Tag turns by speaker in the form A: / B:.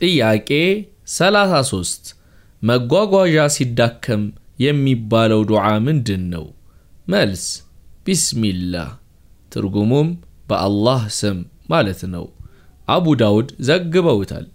A: ጥያቄ 33 መጓጓዣ ሲዳከም የሚባለው ዱዓ ምንድን ነው? መልስ ቢስሚላህ ትርጉሙም በአላህ ስም ማለት ነው። አቡ ዳውድ ዘግበውታል።